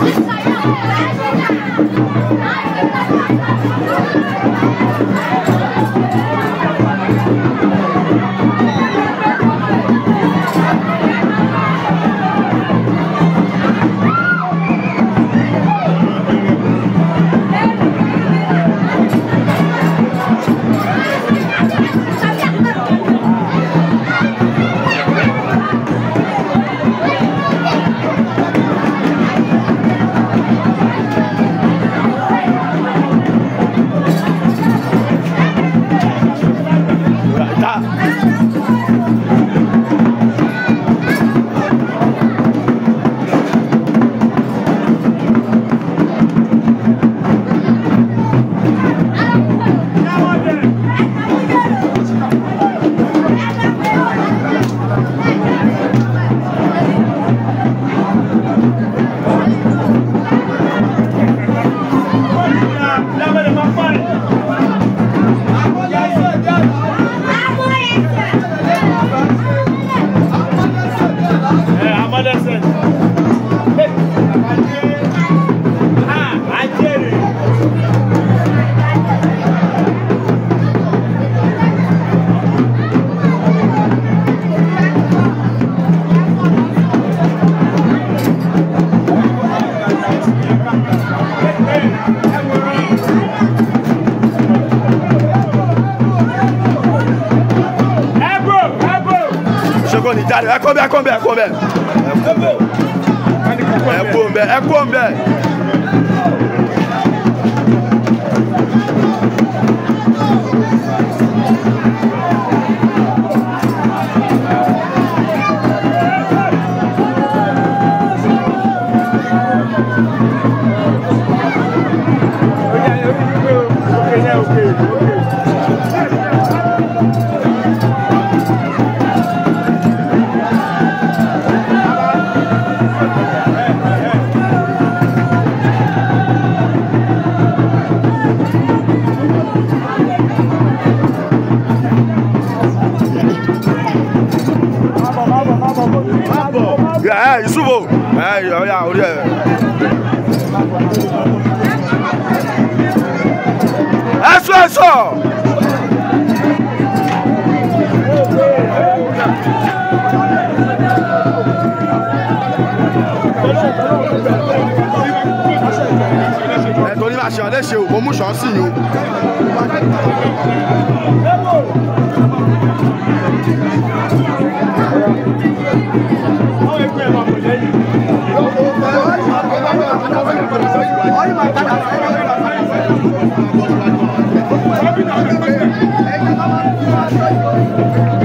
Yeah. mal das denn? kò ní jáde ẹ kó bẹ ẹ kó bẹ ẹ bẹ ẹ bẹ ẹ bẹ. Thank you. ẹ ìṣubú ẹ ọyà orí ẹ. ẹ sọ ẹ sọ. ẹ torí bá ṣe ọ léṣe o mo mú ṣọ sí yín o. Thank you.